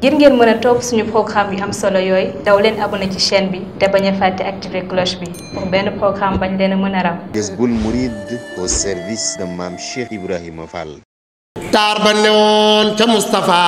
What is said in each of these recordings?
ngir ngeen mën a topp suñu programme yu am solo yooy daw leen abonné ci chaîne bi te bañ a fàtte activer cloche bi benn programme bañ leen a mën a ram. Jazboul Mouride au service de Mame Cheikh Ibrahima Fall. taar ba newoon ca Moustapha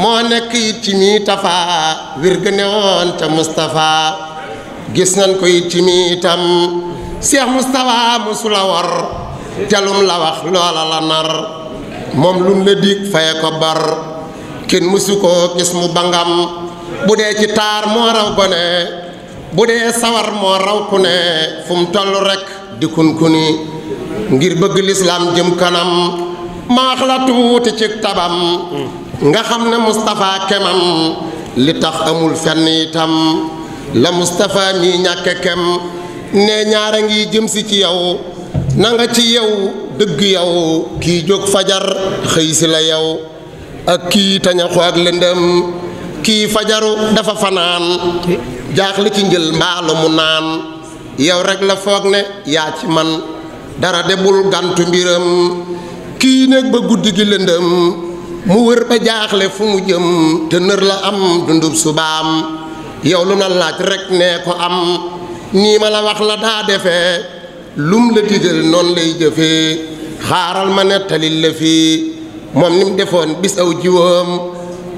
moo nekk it ci mi tafa wir ga newoon ca nañ ko it ci mi mosula war jalum la wax loola la nar moom lum la dig faye ko bar. kenn mësu koo gis mu bangam bu dee ci taar moo raw gone bu dee sawar moo raw ku ne fu mu toll rek di kunkuni ngir bëgg lislaam jëm kanam maax la tuuti ci tabam nga xam ne Moustapha kemam li tax amul fenn itam la Moustapha mi ñàkke kem ne ñaara ngi jëm si ci yow na nga ci yow dëgg yow kii jóg fajar xëy si la yow ak kii tañaxu ak lëndëm kii fajaru dafa fanaan jaaxle ci njël mbaalu mu naan yow rekk la foog ne yaa ci man dara debul gantu mbiram kii néeg ba guddi gi lëndëm mu wër ba jaaxle fu mu jëm te nër la am dundub subaam yow lu na laaj rekk nee ko am nii ma la wax la daa defe lum la digal noonu lay jëfe xaaral ma nettali la fii moom ni mu defoon bis aw jiwoom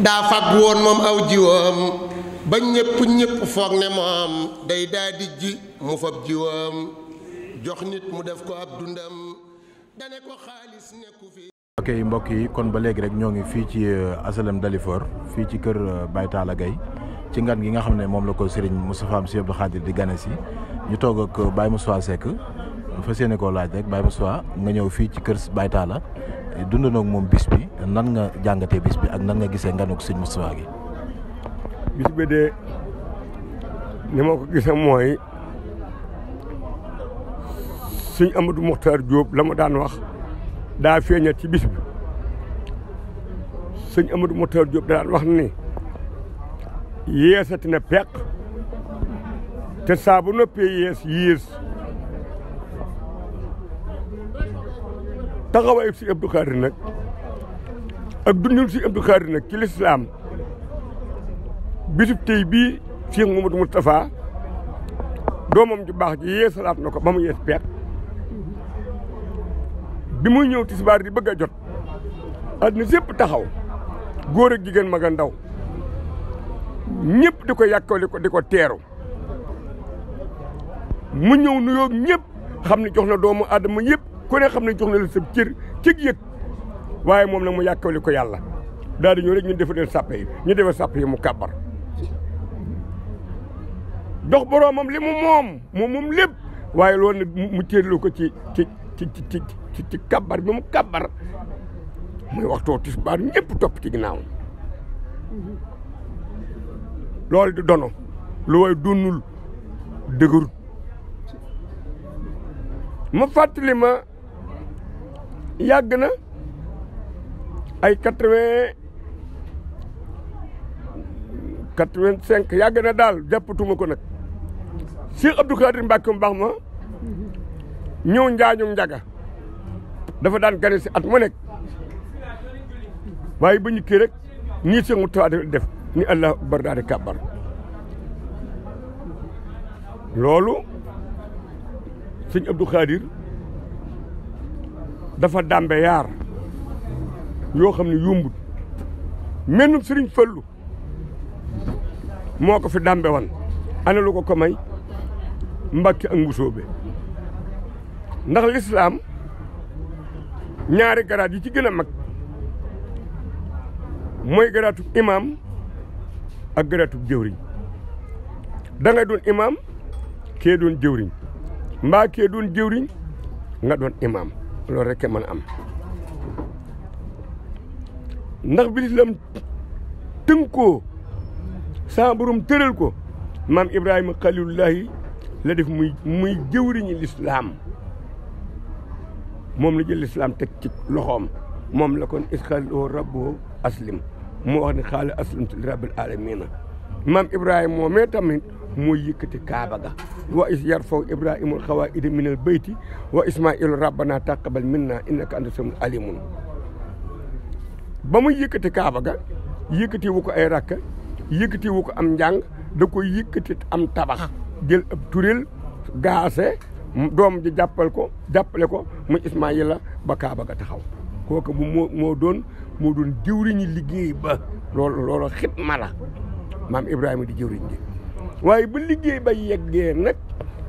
daa fàgg woon moom aw jiwoom ba ñépp ñépp foog ne moom day daa di mu fab jiwoom jox nit mu def ko ab dundam dane ko xaalis nekku fi ok mbokk yi kon ba léegi rek ñoo ngi fii ci euh, asalam Dalifort fii ci kër euh, Baye Talla Gaye ci ngan gi nga xam ne moom la ko Serigne Moustapha Sy Abdou Khadir di gane si ñu toog ak euh, Baye Moustapha Seck fas yéene koo laaj rek Baye Moustapha nga ñëw fii ci kër Baye Talla dund nag moom bis bi nan nga jàngatee bis bi ak nan nga gisee nga sëñ Moustapha gi bis bi de ni ma ko gisee mooy sëñ amatu Mokhtar Diop la ma daan wax daa feeñat ci bis bi sëñ Amadou Mokhtar Diop daan wax ni yeesati na peq te saabu bu noppee yees yiis taxawaayu si Abdou Khadre nag ak dundul si Abdou Khadre nag ci lislaam bisub tey bii Cheikh Mamadou Moustapha doomam ju baax ji yeesalaat na ko ba mu yees peet bi muy ñëw tisbaar di bëgg a jot àddina sépp taxaw góor ak jigéen mag a ndaw ñëpp di ko yàkkali ko di ko teeru mu ñëw nuyoo ñëpp xam ne jox na doomu aadama yëpp ku ne xam ne jox na la sab cër cëg yëg waaye moom nag mu yàkkawli ko yàlla daal di ñëw ñu defa del sàppe ñu defa sàppe mu kàbbar dox boroomam li mu moom moom moom lépp waaye loolu nag mu cërlu ko ci ci ci ci ci ci kàbbar bi mu kàbbar muy waxtoo tisbaar ñëpp topp ci ginnaaw loolu di dono lu way donnul dëgërut ma fàttali ma yàgg na ay quatre vingt quatre yàgg na daal jàppatuma ko nag Cheikh Abdou Khadir Mbacke mu baax ma ñëw njaañum njaga dafa daan gane si at mu nekk waaye ba ñu rek nii Cheikh Moustapha def ni allahu akbar daal di loolu sëñ Abdou Khadir dafa dambe yaar yoo xam ne yombut mennum sëriñ fëllu moo ko fi dambe wan ana lu ko ko may mbàkki ak mbusoobe ndax lislaam ñaari garaat yi ci gën a mag mooy garaatub imaam ak garaatub jëwriñ da ngay doon imaam kee doon jëwriñ mbaa kee doon jëwriñ nga doon imaam loolu rek mën am ndax bi lislaam tënkoo saa borom tëral ko maam Ibrahima xalilullahi la def muy muy jëwriñu lislaam moom la jël lislaam teg ci loxoom moom la kon isxaloo rabbo aslim moo wax ne xaala aslamtu li rabbil alamina maam Ibrahima moomee tamit moo yëkkati kaaba ga wa is yarfaw ibrahimul xawaa'ida minal bayti wa ismailu rabbana taqabal minna innaka anta samiul alimun ba mu yëkkati kaaba ga yëkkati wu ko ay rakk yëkkati wu ko am njàng da koy yëkkati am tabax jël ab turel gaase doom ji jàppal ko jàppale ko mu ismaila ba kaaba ga taxaw kooku bu moo moo doon moo doon jëwriñu liggéey ba loolu loolu xitma la maam Ibrahima di jëwriñ ji waaye ba liggéey ba yeggee nag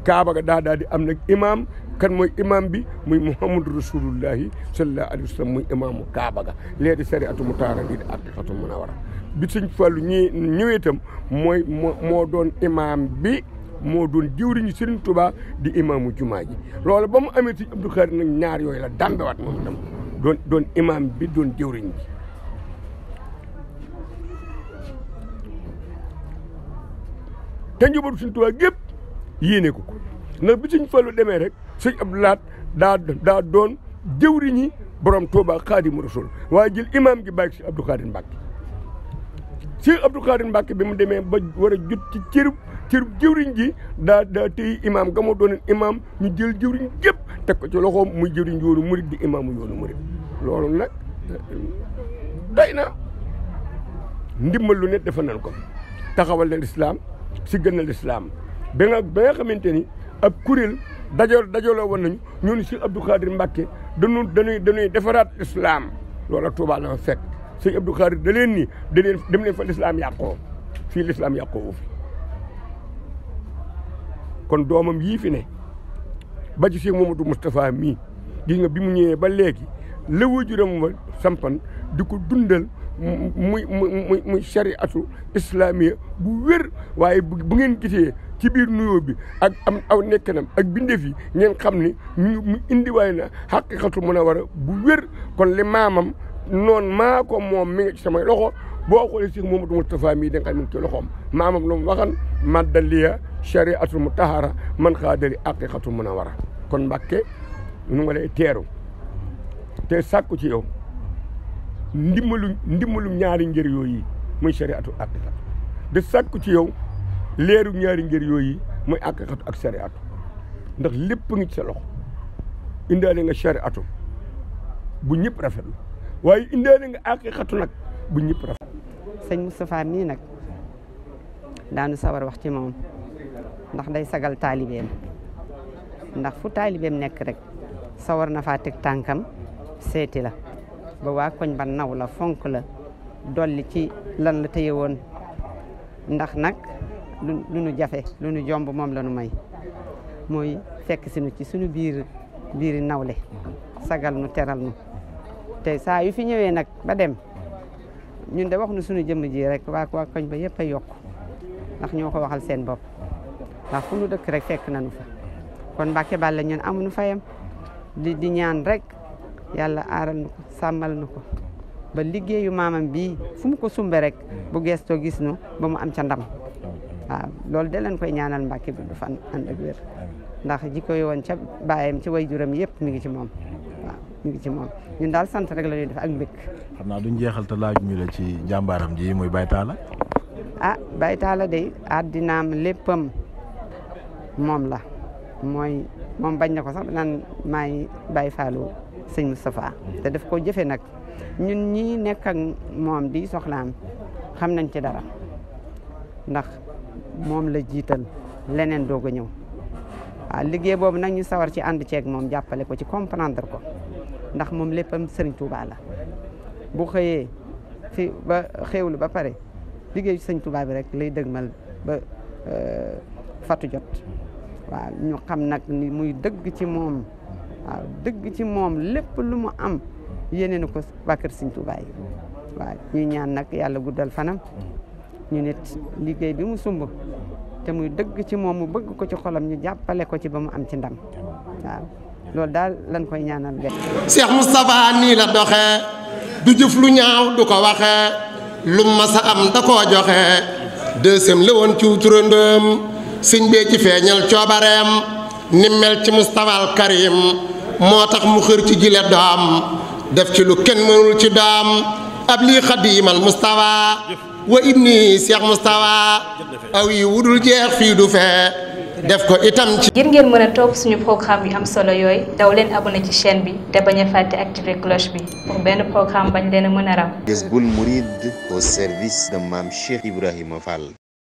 Kaaba ga daa daal di am nag imaam kan mooy imaam bi muy Muhammadu Rasulullahi sallallahu alayhi wa sallam muy imaamu Kaaba ga lee di sariatu mutaara bi di Makkatul Munawwara bi sëñ Fallu ñi ñëwee itam mooy moo doon imaam bi moo doon jëwriñu Sëriñ Tuubaa di imaamu jumaa ji loolu ba mu amee ci Abdou Khadre nag ñaar yooyu la dambewaat moom itam doon doon imaam bi doon jëwriñ bi te njabootu suñ Tuubaa gépp yéene ko ko ndax bi suñ Fallu demee rek sëñ Abdou daa doon jëwriñi borom Tuubaa Xaadimu Rasuul waaye jël imaam gi bàyyi si Abdou Khadim Mbacke si Abdou Khadim bi mu demee ba war a jot ci cërub jëwriñ ji daa daa téy imaam ga moo imaam ñu jël jëwriñ gépp teg ko ci loxoom muy jëwriñ yoonu murit di imaamu yoonu murit loolu nag doy na ndimmal lu ne defal nañ ko taxawal leen islaam si gën be lislaam ba nga ba nga xamante ni ab kuréel dajoo dajaloo woon nañu ñun si Abdou Khadir Mbacke dañu dañuy dañuy defaraat lislaam loolu ak Touba fekk sëñ Abdou Khadir da leen ni da leen dem leen fa lislaam yàqoo fii lislaam yàqoo fi kon doomam yii fi ne ba ci Cheikh Mamadou mii gis bi mu ñëwee ba léegi la wajuram wa sampan di ko dundal muy muy muy chariatu islamiya bu wér waaye bu ngeen gisee ci biir nuyoo bi ak am aw nekkanam ak bindeef yi ngeen xam ni mu indiwaay na xaqiqatu mën a bu wér kon le maamam noon maa ko moom mi ngi ci loxo boo xoolee si Mamadou Moustapha mii da nga xam ne ci loxoom maamam lu mu waxan maddaliya chariatul mutahara man xaadali aqiqatul munawara kon Mbàkke ñu ngi lay teeru te sàkku ci yow ndimbalu ndimbalu ñaari ngir yooyu muy sariatu àqiqatu di sàkku ci yow leeru ñaari ngir yooyu muy àqiqatu ak sariatu ndax lépp ngi ci sa loxo indaale nga sariatu bu ñëpp rafetlu waaye indaale nga àqiqatu nag bu ñëpp rafetlu. sëñ Moustapha mii nag daanu sawar wax ci moom ndax day sagal taalibeem ndax fu taalibeem nekk rek sawar na faa teg tànkam seeti la. ba waa koñ ba naw la fonk la dolli ci lan la téye woon ndax nag lu nu jafe lu nu jomb moom la nu may mooy fekk si nu ci suñu biir biiri nawle sagal nu teral nu te saa yu fi ñëwee nag ba dem ñun de wax nu suñu jëmm ji rek waa waa koñ ba yëpp a yokk ndax ñoo ko waxal seen bopp ndax fu nu dëkk rek fekk nañu fa kon Mbàkke Bàll la ñun amuñu fayam di ñaan rek yàlla aaral nu ko sàmmal nu ko ba liggéeyu maamam bi fu ko sumbee rek bu geestoo gis nu ba mu am ca ndam waaw loolu de leen koy ñaanal mbàkke bi du fan ànd ndax jikko yi ca baayam ci way juram yëpp mi ngi ci moom waaw mi ngi ci moom daal sant rek la ñuy def ak mbëkk xam naa duñ jeexal te laaj ñu la ci jàmbaaram ji muy baytaala ah baytaala de àddinaam léppam moom la mooy moom bañ na ko sax naan maay bay faalu sëñ Moustapha te def ko jëfe nag ñun ñii nekk ak moom di soxlaam xam nañ ci dara ndax moom la jiital leneen doog a ñëw a ah, liggéey boobu nag ñu sawar ci ànd ceeg moom jàppale ko ci comprendre ko ndax moom léppam sëriñ Touba la bu xëyee fi ba xéewlu ba pare liggéey sëñ Touba bi rek lay dëgmal ba euh, fatu jot waaw ñu xam nag ni muy dëgg ci moom waaw dëgg ci moom lépp lu mu am yéene na ko waa kër Sëñ waaw ñuy ñaan nag yàlla guddal fanam ñu nit liggéey bi mu sumb te muy dëgg ci moom mu bëgg ko ci xolam ñu jàppale ko ci ba mu am ci ndam waaw loolu daal lañ koy ñaanal benn. Cheikh Moustapha nii la doxee du jëf lu ñaaw du ko waxee lu masa am da koo joxe deuxième la woon ci turandoom sëñ bee ci feeñal coobareem ni ci Moustapha al moo tax mu xër ci jile daam def ci lu kenn mënul ci daam ab lii xadiimal mustawa wa ibni seex mustawa aw yi wudul jeex fii du fee def ko itam ci ngir ngeen mën a topp suñu programme yu am solo yooy daw leen abonné ci seen bi te bañ a ak activer cloche bi pour benn programme bañ leen a mën a ram Jazboul Mouride au service de Mame Cheikh Ibrahima Fall